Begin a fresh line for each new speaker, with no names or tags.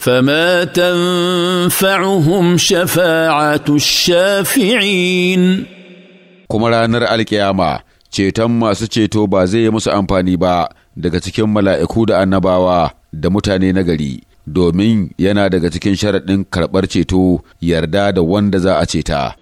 فما تنفعهم شفاعة shafi'in. kuma ranar alkiyama ceton masu ceto ba zai yi musu amfani ba daga cikin mala'iku da annabawa da mutane na gari domin yana daga cikin sharaɗin karɓar ceto yarda da wanda za a ceta